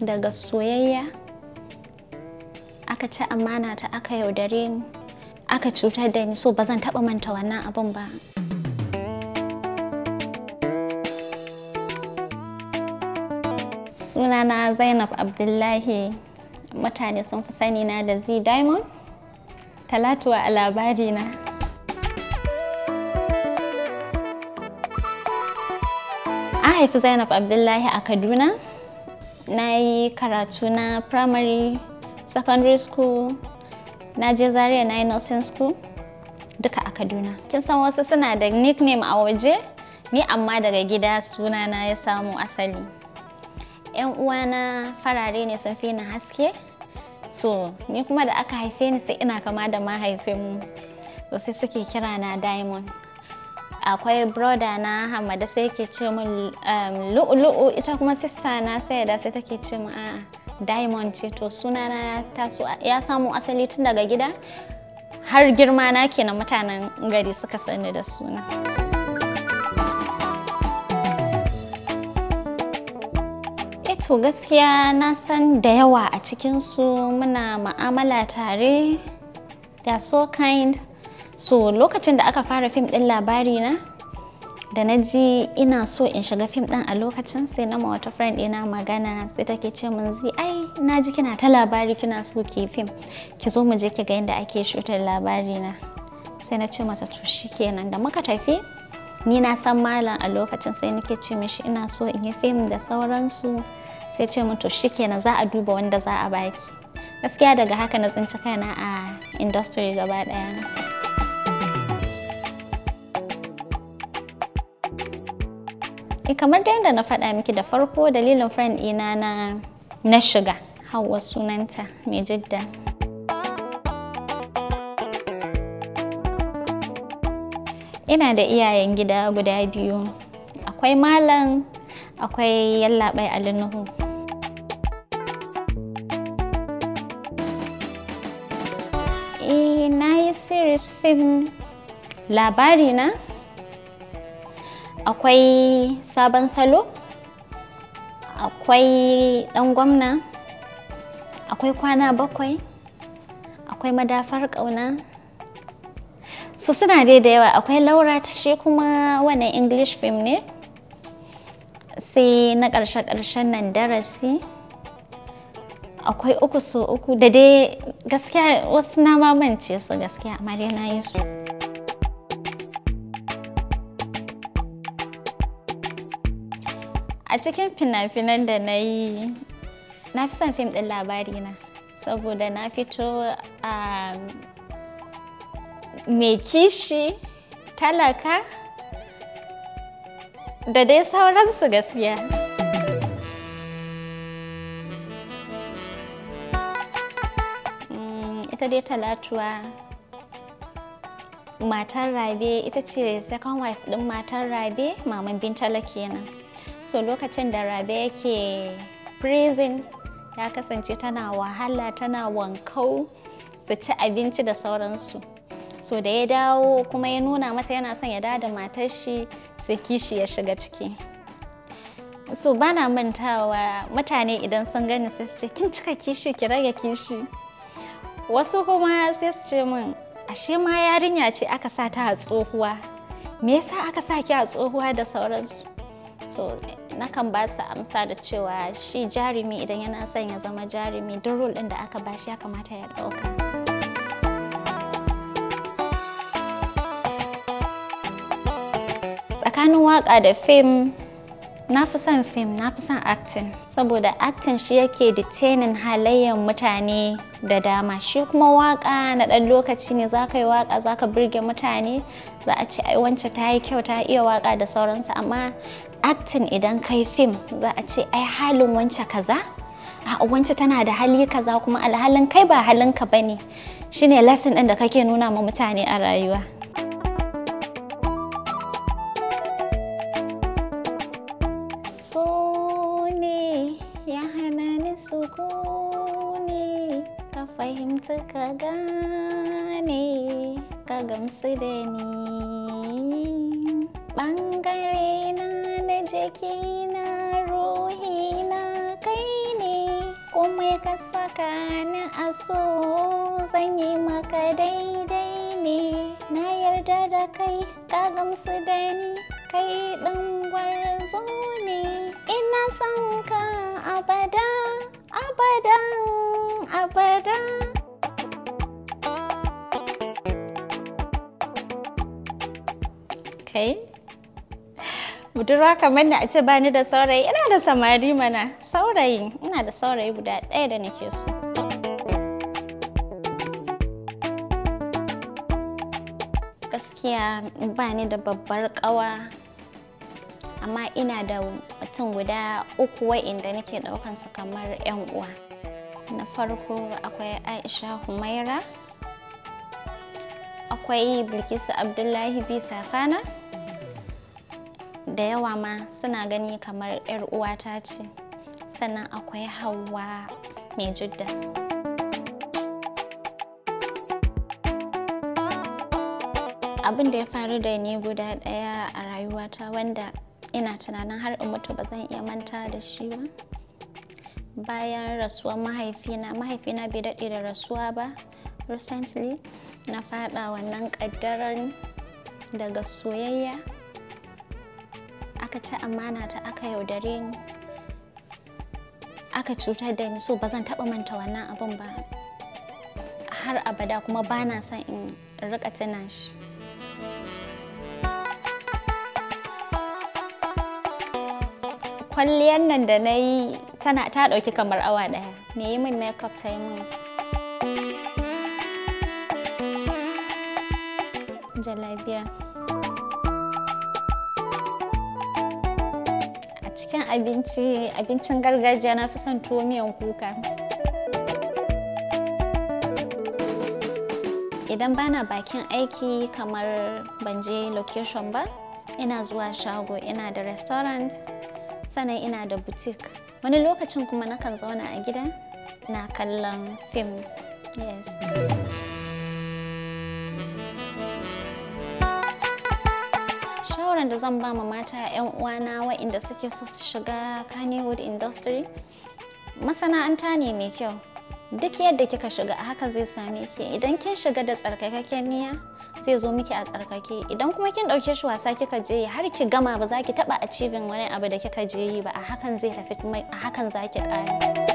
daga soyayya aka ci amana ta aka yaudare ni aka cutar da ni so ba zan taba manta wannan abin ba sunana zainab abdullahi mutane sun fi sani na da z diamond talatuwa a labari na an haifi zainab abdullahi a kaduna na yi karatu na primary secondary school na je zaria na yi nursing school duka a kaduna kin san wasu suna da nickname a waje ni amma daga gida suna na ya samu asali yan uwana farare ne sun fi ni haske so ni kuma da aka haife ni sai ina kama da mahaifinmu to sai suke kira na diamond akwai broda na hamada sai ke ce min um, lu'ulu'u ita kuma sista na sai da sai take ce min a ah, diamond ce to suna na ya samu asali tun daga gida har girma na kenan mutanen gari suka sani da suna. Eh to gaskiya na san da yawa a cikinsu muna ma'amala tare da so kind so lokacin da aka fara fim din labari na da na ji ina so in shiga fim din a lokacin sai na wata friend ɗina magana sai take ce min zi ai na ji kina ta labari kina so ki fim ki zo mu je ki ga yadda ake shutar labari na sai na ce mata to shikenan da muka tafi ni na san malam a lokacin sai nake ce mishi ina so in yi fim da sauransu sai ce min to shikenan za a duba wanda za a baki gaskiya daga haka na tsinci kaina a industry gaba ɗaya Eh, kamar da yadda na faɗa miki da farko dalilin friend ina na na shiga hawa sunanta mai jidda ina da iyayen gida guda biyu akwai malam akwai yallaɓai alinuhu eh, na yi series film labari na akwai sabon salo akwai dan gwamna akwai kwana bakwai akwai madafar kauna su suna dai da yawa akwai laura ta shi kuma wannan english film ne sai na ƙarshe-ƙarshen nan darasi akwai uku so uku da dai gaskiya wasu na mamance su gaskiya amma dai na yi su a cikin fina-finan da na yi na fi son fim ɗin labari na saboda na fito a ah, mai kishi talaka da dai sauransu gaskiya mm, ita dai talatuwa matan rabe ita ce second wife ɗin matar rabe maman bin kenan. so lokacin da rabe yake prison ya kasance tana wahala tana wankau su ci abinci da sauransu so da ya dawo kuma ya nuna mata yana son ya dawo da matar shi su kishi ya shiga ciki so bana mantawa mutane idan sun gani sai su ce kin cika kishi ki rage kishi wasu kuma sai su ce min ashe ma yarinya ce aka sa ta a tsohuwa me yasa aka sa ki a tsohuwa da sauransu so nakan ba su amsa da cewa shi jarumi idan yana son ya zama jarumi don rol ɗin da aka ba shi ya kamata ya ɗauka. tsakanin waka da fim na fi son fim na fi son aktin saboda aktin shi yake detaining halayyar mutane da dama shi kuma waka na ɗan lokaci ne za ka yi waka za ka birge mutane za a ce ai wance ta yi kyau ta iya waka da sauransu amma acting idan kai fim za a ce ai halin wance kaza a wance tana da hali kaza kuma alhalin kai ba halin halinka bane shine lesson din da kake nuna ma mutane a rayuwa sune ya ka fahimta ka gane ka gamsu da ni ruhi na kai ne kuma ka saka ni a so zan yi maka daidai ne na yarda da kai ka gamsu da ni kai ɗan gwarzo ne ina son ka abada abada abada. Okay. budurwa kamar da a ce bani da saurayi ina da samari mana saurayi ina da saurayi guda ɗaya da nake so gaskiya ba ni da babbar ƙawa amma ina da mutum guda uku wa'inda nake ɗaukansu kamar 'yan uwa na farko akwai aisha humaira akwai bilkisu abdullahi bisa safana da yawa ma suna gani kamar 'yar uwata ce sannan akwai hawa mai jidda abin da ya faru da ni guda daya a rayuwata wanda ina tunanin har in mutu ba zan iya manta da shi ba bayan rasuwar mahaifina mahaifina bai daɗe da rasuwa ba recently na faɗa wannan ƙaddaran daga soyayya aka ci amana ta aka yaudare ni aka cutar da ni so ba zan taɓa manta wannan abin ba har abada kuma ba na son in rika tuna shi kwalliyar nan da na yi tana ta dauki kamar awa ɗaya me yi min makeup ta yi min jalabiya cikin abinci abincin gargajiya na fi son tuwo miyan kuka idan bana bakin aiki kamar ban je location ba ina zuwa shago ina da restaurant sannan ina da butik wani lokacin kuma nakan zauna a gida na kallon fim yes shawaran da zan ba ma mata 'yan uwana wa'inda suke so su shiga Kannywood industry masana'anta ne mai kyau duk yadda kika shiga a haka zai same ki idan kin shiga da tsarkakakken niyya zai zo miki a tsarkake idan kuma kin ɗauke shi wasa kika je yi har ki gama ba za ki taɓa achieving wani abu da kika je yi ba a hakan zai tafi a hakan za ki ƙare